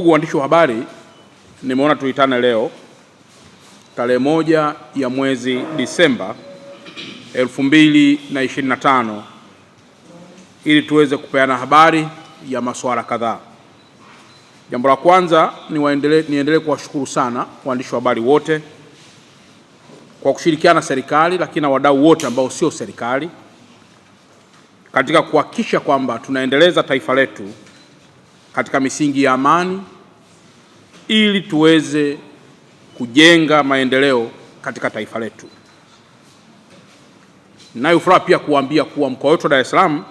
Ndugu waandishi wa habari, nimeona tuitane leo tarehe moja ya mwezi Disemba 2025 ili tuweze kupeana habari ya masuala kadhaa. Jambo la kwanza niendelee niendelee kuwashukuru sana waandishi wa habari wote kwa kushirikiana serikali, lakini na wadau wote ambao sio serikali katika kuhakikisha kwamba tunaendeleza taifa letu katika misingi ya amani ili tuweze kujenga maendeleo katika taifa letu. Ninayo furaha pia kuambia kuwa mkoa wetu wa Dar es Salaam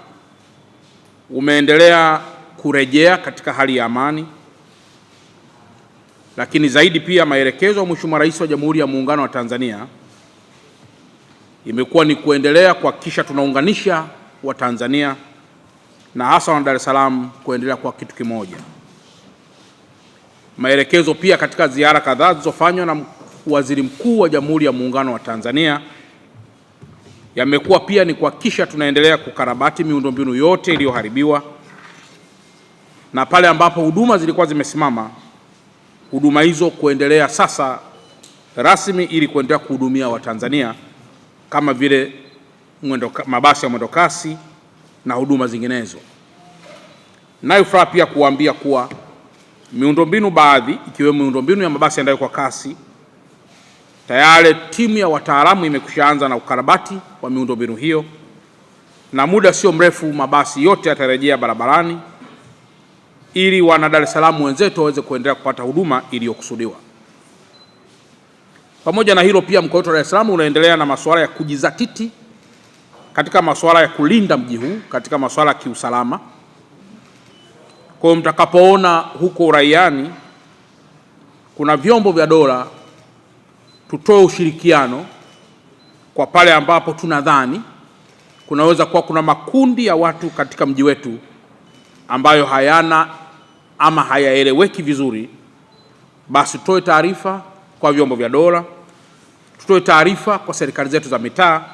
umeendelea kurejea katika hali ya amani, lakini zaidi pia maelekezo ya Mheshimiwa Rais wa Jamhuri ya Muungano wa Tanzania imekuwa ni kuendelea kuhakikisha tunaunganisha Watanzania na hasa wana Dar es Salaam kuendelea kwa kitu kimoja. Maelekezo pia katika ziara kadhaa zilizofanywa na Waziri Mkuu wa Jamhuri ya Muungano wa Tanzania yamekuwa pia ni kuhakikisha tunaendelea kukarabati miundombinu yote iliyoharibiwa na pale ambapo huduma zilikuwa zimesimama, huduma hizo kuendelea sasa rasmi ili kuendelea kuhudumia Watanzania kama vile mwendo, mabasi ya mwendokasi na huduma zinginezo. Nayo furaha pia kuwaambia kuwa miundombinu baadhi ikiwemo miundombinu ya mabasi yaendayo kwa kasi tayari timu ya wataalamu imekushaanza na ukarabati wa miundombinu hiyo, na muda sio mrefu mabasi yote yatarejea barabarani ili wana Dar es Salaam wenzetu waweze kuendelea kupata huduma iliyokusudiwa. Pamoja na hilo, pia mkoa wetu wa Dar es Salaam unaendelea na masuala ya kujizatiti katika masuala ya kulinda mji huu katika masuala ya kiusalama. Kwa mtakapoona huko uraiani kuna vyombo vya dola, tutoe ushirikiano kwa pale ambapo tunadhani kunaweza kuwa kuna makundi ya watu katika mji wetu ambayo hayana ama hayaeleweki vizuri, basi tutoe taarifa kwa vyombo vya dola, tutoe taarifa kwa serikali zetu za mitaa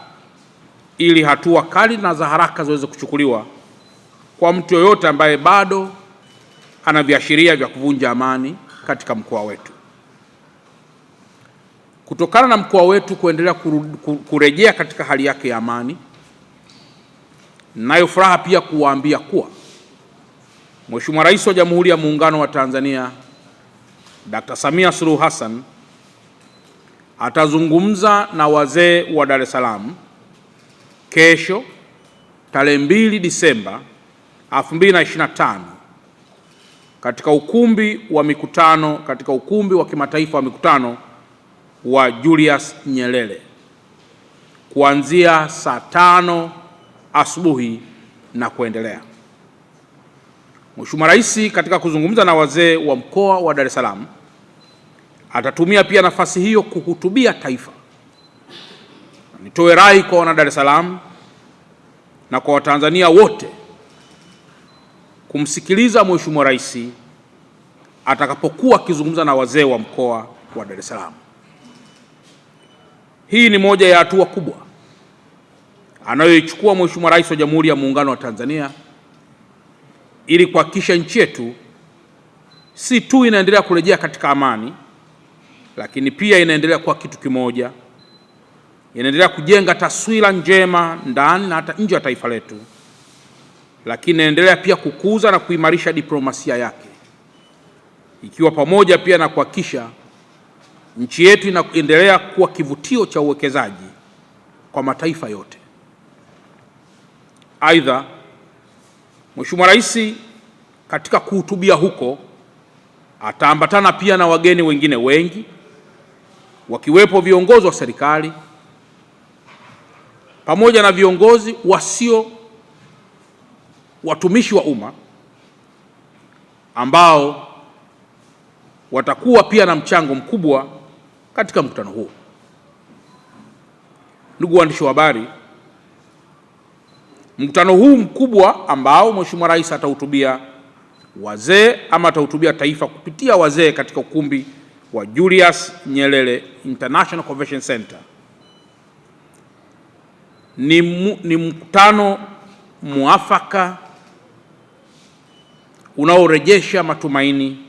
ili hatua kali na za haraka ziweze kuchukuliwa kwa mtu yoyote ambaye bado ana viashiria vya kuvunja amani katika mkoa wetu. Kutokana na mkoa wetu kuendelea kurejea katika hali yake ya amani, nayo furaha pia kuwaambia kuwa Mheshimiwa Rais wa Jamhuri ya Muungano wa Tanzania Dr. Samia Suluhu Hassan atazungumza na wazee wa Dar es Salaam kesho tarehe 2 Disemba 2025 katika ukumbi wa mikutano katika ukumbi wa kimataifa wa mikutano wa Julius Nyerere kuanzia saa tano asubuhi na kuendelea. Mheshimiwa Rais katika kuzungumza na wazee wa mkoa wa Dar es Salaam atatumia pia nafasi hiyo kuhutubia taifa Nitoe rai kwa wana Dar es Salaam na kwa Watanzania wote kumsikiliza Mheshimiwa Rais atakapokuwa akizungumza na wazee wa mkoa wa Dar es Salaam. Hii ni moja ya hatua kubwa anayoichukua Mheshimiwa Rais wa Jamhuri ya Muungano wa Tanzania ili kuhakikisha nchi yetu si tu inaendelea kurejea katika amani, lakini pia inaendelea kuwa kitu kimoja inaendelea kujenga taswira njema ndani na hata nje ya taifa letu, lakini inaendelea pia kukuza na kuimarisha diplomasia yake, ikiwa pamoja pia na kuhakikisha nchi yetu inaendelea kuwa kivutio cha uwekezaji kwa mataifa yote. Aidha, Mheshimiwa Rais katika kuhutubia huko ataambatana pia na wageni wengine wengi wakiwepo viongozi wa serikali pamoja na viongozi wasio watumishi wa umma ambao watakuwa pia na mchango mkubwa katika mkutano huo. Ndugu waandishi wa habari, mkutano huu mkubwa ambao Mheshimiwa Rais atahutubia wazee ama atahutubia taifa kupitia wazee katika ukumbi wa Julius Nyerere International Convention Center ni, mu, ni mkutano muafaka unaorejesha matumaini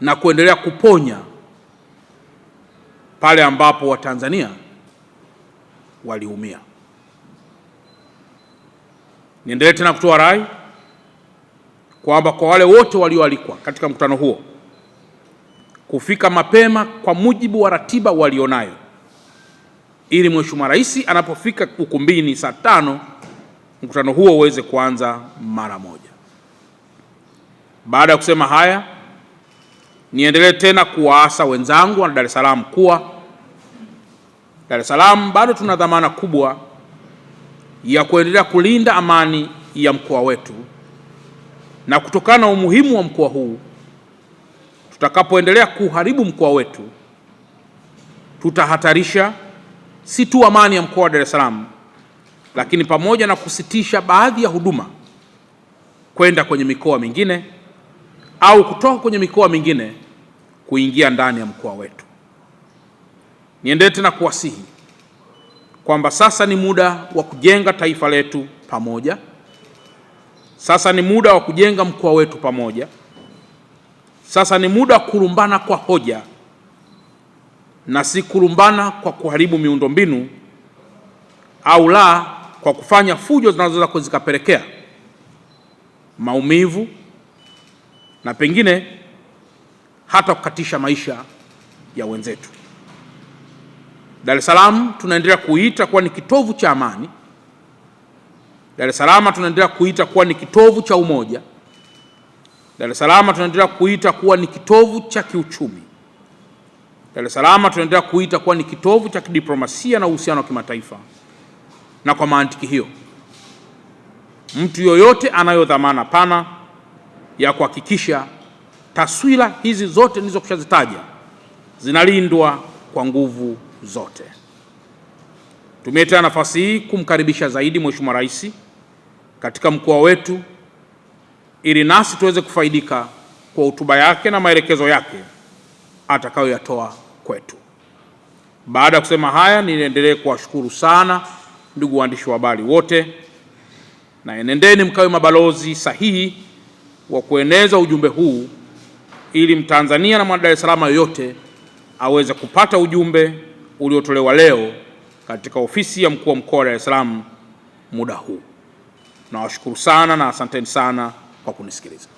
na kuendelea kuponya pale ambapo Watanzania waliumia. Niendelee tena kutoa rai kwamba kwa wale wote walioalikwa katika mkutano huo kufika mapema kwa mujibu wa ratiba walionayo ili Mheshimiwa Rais anapofika ukumbini saa tano mkutano huo uweze kuanza mara moja. Baada ya kusema haya, niendelee tena kuwaasa wenzangu wa Dar es Salaam kuwa Dar es Salaam bado tuna dhamana kubwa ya kuendelea kulinda amani ya mkoa wetu, na kutokana na umuhimu wa mkoa huu, tutakapoendelea kuharibu mkoa wetu tutahatarisha si tu amani ya mkoa wa Dar es Salaam, lakini pamoja na kusitisha baadhi ya huduma kwenda kwenye mikoa mingine au kutoka kwenye mikoa mingine kuingia ndani ya mkoa wetu. Niendelee tena kuwasihi kwamba sasa ni muda wa kujenga taifa letu pamoja. Sasa ni muda wa kujenga mkoa wetu pamoja. Sasa ni muda wa kulumbana kwa hoja na si kulumbana kwa kuharibu miundombinu au la kwa kufanya fujo zinazoweza zikapelekea maumivu na pengine hata kukatisha maisha ya wenzetu. Dar es Salaam tunaendelea kuita kuwa ni kitovu cha amani. Dar es Salaam tunaendelea kuita kuwa ni kitovu cha umoja. Dar es Salaam tunaendelea kuita kuwa ni kitovu cha kiuchumi. Dar es Salaam tunaendelea kuita kuwa ni kitovu cha kidiplomasia na uhusiano wa kimataifa, na kwa mantiki hiyo mtu yoyote anayo dhamana pana ya kuhakikisha taswira hizi zote nilizokusha zinalindwa kwa nguvu zote. Tumie tena nafasi hii kumkaribisha zaidi Mheshimiwa Rais katika mkoa wetu ili nasi tuweze kufaidika kwa hotuba yake na maelekezo yake atakayoyatoa kwetu. Baada ya kusema haya, niendelee kuwashukuru sana ndugu waandishi wa habari wote, na enendeni mkawe mabalozi sahihi wa kueneza ujumbe huu ili Mtanzania na mwana Dar es Salaam yoyote aweze kupata ujumbe uliotolewa leo katika ofisi ya mkuu wa mkoa wa Dar es Salaam muda huu. Nawashukuru sana na asanteni sana kwa kunisikiliza.